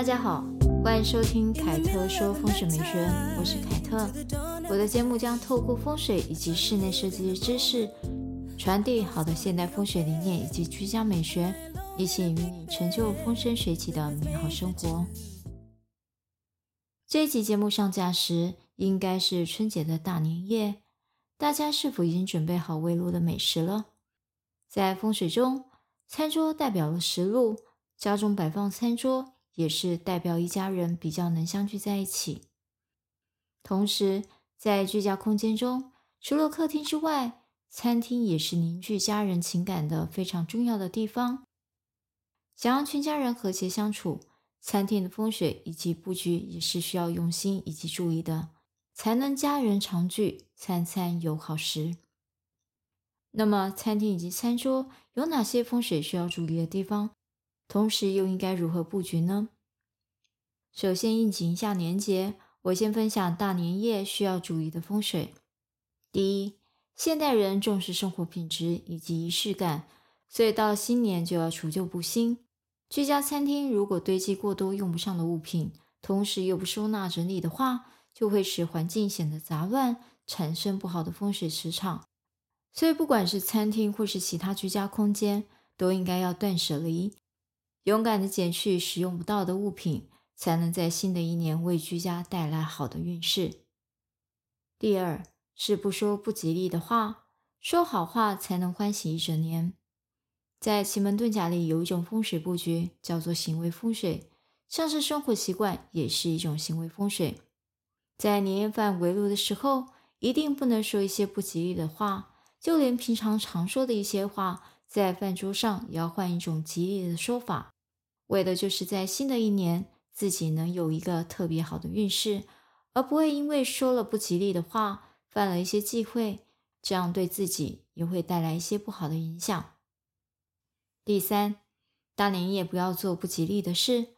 大家好，歡迎收聽凱特說風水美學，我是凱特。我的節目將透過風水以及室內設計的知識，傳遞好的現代風水理念以及居家美學，一起與你成就風生水起的美好生活。這一集節目上架時，應該是春節的大年夜，大家是否已經準備好圍爐的美食了？在風水中，餐桌代表了食祿，家中擺放餐桌。也是代表一家人比較能相聚在一起。同時，在居家空間中，除了客廳之外，餐廳也是凝聚家人情感的非常重要的地方。想要全家人和諧相處，餐廳的風水以及布局也是需要用心以及注意的，才能家人常聚，餐餐有好食。那麼，餐廳以及餐桌有哪些風水需要注意的地方？同時又應該如何布局呢？首先，應景一下年節。我先分享大年夜需要注意的風水。第一，現代人重視生活品質以及儀式感，所以到了新年就要除舊布新。居家餐廳如果堆積過多用不上的物品，同時又不收納整理的話，就會使環境顯得雜亂，產生不好的風水磁場。所以，不管是餐廳或是其他居家空間，都應該要斷舍離。勇敢地減去使用不到的物品，才能在新的一年為居家帶來好的運勢。第二是不說不吉利的話，說好話才能歡喜一整年。在奇門遁甲裡有一種風水布局叫做行為風水，像是生活習慣也是一種行為風水。在年夜飯圍爐的時候，一定不能說一些不吉利的話，就連平常常說的一些話。在飯桌上也要換一種吉利的說法，為的就是在新的一年自己能有一個特別好的運勢，而不會因為說了不吉利的話，犯了一些忌諱，這樣對自己也會帶來一些不好的影響。第三，大年夜不要做不吉利的事，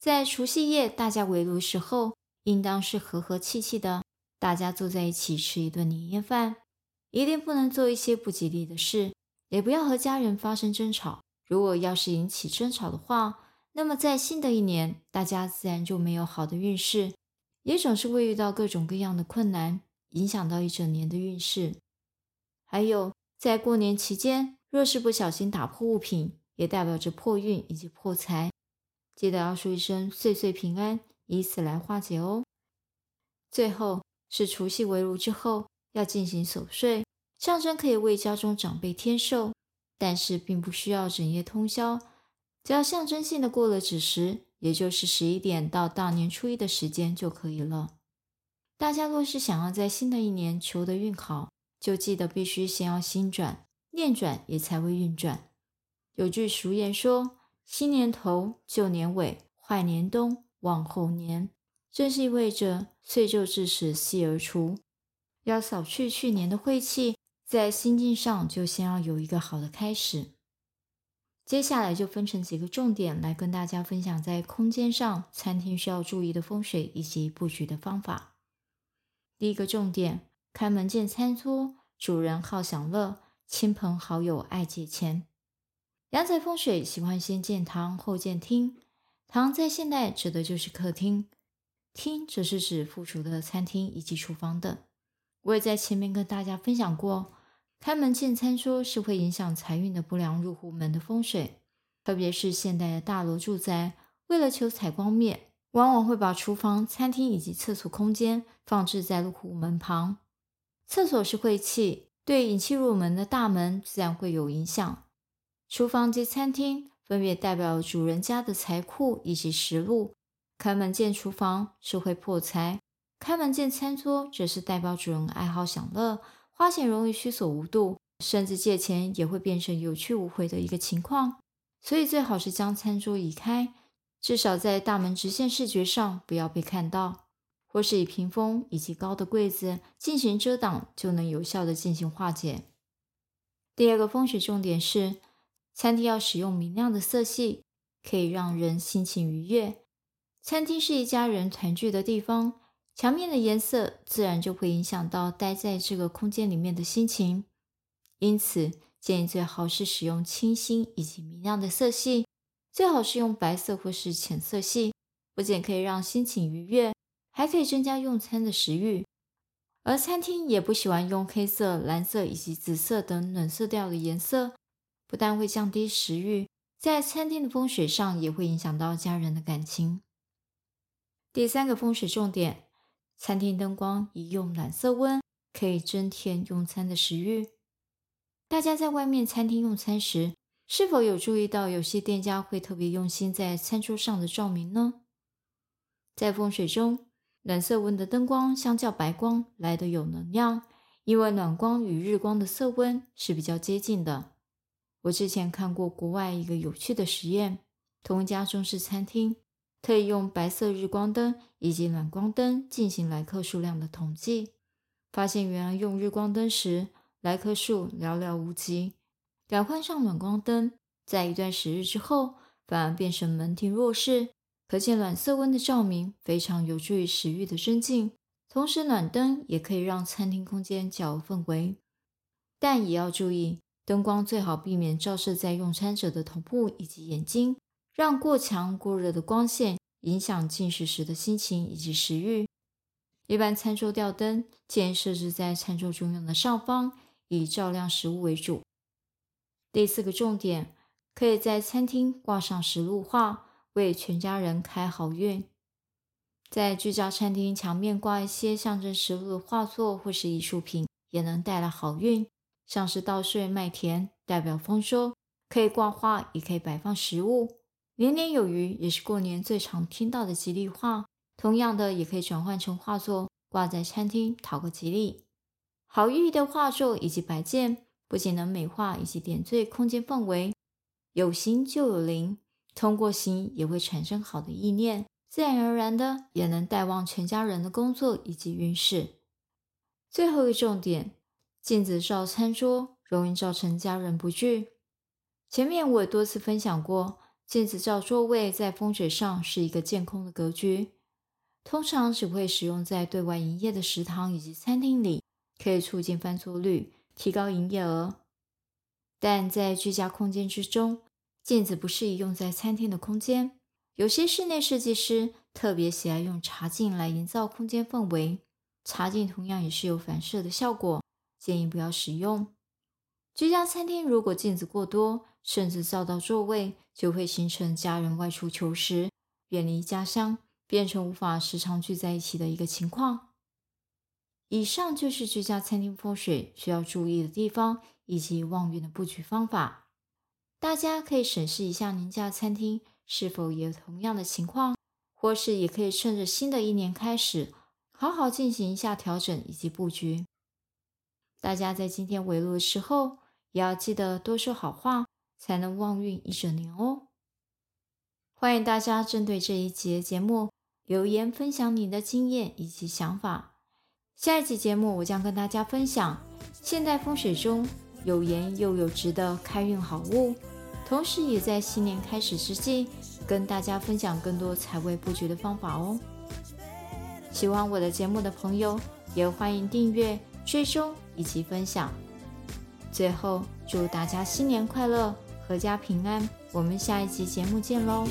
在除夕夜大家圍爐時候，應當是和和氣氣的，大家坐在一起吃一頓年夜飯，一定不能做一些不吉利的事。也不要和家人發生爭吵。如果要是引起爭吵的話，那麼在新的一年，大家自然就沒有好的運勢，也總是會遇到各種各樣的困難，影響到一整年的運勢。還有，在過年期間，若是不小心打破物品，也代表着破運以及破財。記得要說一聲“歲歲平安”，以此來化解哦。最後是除夕圍爐之後，要進行守歲。象徵可以為家中長輩添壽，但是並不需要整夜通宵，只要象徵性的過了子時，也就是十一點到大年初一的時間就可以了。大家若是想要在新的一年求得運好，就記得必須先要心轉念轉，轉也才會運轉。有句俗言說：“新年頭，舊年尾，壞年冬，望後年。”正是意味着歲舊至此，悉而除，要掃去去年的晦氣。在心境上，就先要有一個好的開始。接下來就分成幾個重點來跟大家分享，在空間上餐廳需要注意的風水以及布局的方法。第一個重點：開門見餐桌，主人好享樂，親朋好友愛借錢。陽宅風水喜歡先見堂後見廳，堂在現代指的就是客廳，廳則是指附屬的餐廳以及廚房等。我也在前面跟大家分享過。開門見餐桌是會影響財運的不良入戶門的風水，特別是現代的大樓住宅，為了求採光面，往往會把廚房、餐廳以及廁所空間放置在入戶門旁。廁所是晦氣，對引氣入門的大門自然會有影響。廚房及餐廳分別代表主人家的財庫以及食祿。開門見廚房是會破財，開門見餐桌則是代表主人愛好享樂。花錢容易需索無度，甚至借錢也會變成有去無回的一個情況，所以最好是將餐桌移開，至少在大門直線視覺上不要被看到，或是以屏風以及高的櫃子進行遮擋，就能有效地進行化解。第二個風水重點是，餐廳要使用明亮的色系，可以讓人心情愉悅。餐廳是一家人團聚的地方。牆面的顏色自然就會影響到待在這個空間裡面的心情，因此建議最好是使用清新以及明亮的色系，最好是用白色或是淺色系，不僅可以讓心情愉悅，還可以增加用餐的食慾。而餐廳也不喜歡用黑色、藍色以及紫色等暖色調的顏色，不但會降低食慾，在餐廳的風水上也會影響到家人的感情。第三個風水重點。餐廳燈光宜用暖色溫，可以增添用餐的食欲。大家在外面餐廳用餐時，是否有注意到有些店家會特別用心在餐桌上的照明呢？在風水中，暖色溫的燈光相較白光來得有能量，因為暖光與日光的色溫是比較接近的。我之前看過國外一個有趣的實驗，同一家中式餐廳。可以用白色日光燈以及暖光燈進行來客數量的統計，發現原來用日光燈時來客數寥寥無幾，改換上暖光燈，在一段時日之後反而變成門庭若市。可見暖色溫的照明非常有助於食慾的增進，同時暖燈也可以讓餐廳空間較有氛圍。但也要注意，燈光最好避免照射在用餐者的頭部以及眼睛。讓過強過熱的光線影響進食時的心情以及食慾。一般餐桌吊燈建議設置在餐桌中央的上方，以照亮食物為主。第四個重點，可以在餐廳掛上食物畫，為全家人開好運。在居家餐廳牆面掛一些象徵食物的畫作或是藝術品，也能帶來好運。像是稻穗、麥田，代表豐收，可以掛畫，也可以擺放食物。年年有餘也是過年最常聽到的吉利話，同樣的也可以轉換成畫作掛在餐廳，討個吉利。好寓意的畫作以及擺件，不僅能美化以及點綴空間氛圍，有形就有靈，通過形也會產生好的意念，自然而然的也能帶旺全家人的工作以及運勢。最後一個重點，鏡子照餐桌容易造成家人不聚。前面我也多次分享過。鏡子照座位在風水上是一個健康的格局，通常只會使用在對外營業的食堂以及餐廳裡，可以促進翻桌率，提高營業額。但在居家空間之中，鏡子不適宜用在餐廳的空間。有些室內設計師特別喜愛用茶鏡來營造空間氛圍，茶鏡同樣也是有反射的效果，建議不要使用。居家餐廳如果鏡子過多，甚至照到座位，就會形成家人外出求食，遠離家鄉，變成無法時常聚在一起的一個情況。以上就是居家餐廳風水需要注意的地方，以及旺運的布局方法。大家可以審視一下您家餐廳是否也有同樣的情況，或是也可以趁着新的一年開始，好好進行一下調整以及布局。大家在今天圍爐的時候，也要記得多說好話。才能旺運一整年哦！歡迎大家針對這一節節目留言分享你的經驗以及想法。下一期節目我將跟大家分享現代風水中有顏又有值的開運好物，同時也在新年開始之際跟大家分享更多財位布局的方法哦。喜歡我的節目的朋友也歡迎訂閱、追蹤以及分享。最後，祝大家新年快樂！闔家平安，我們下一期節目見嘍。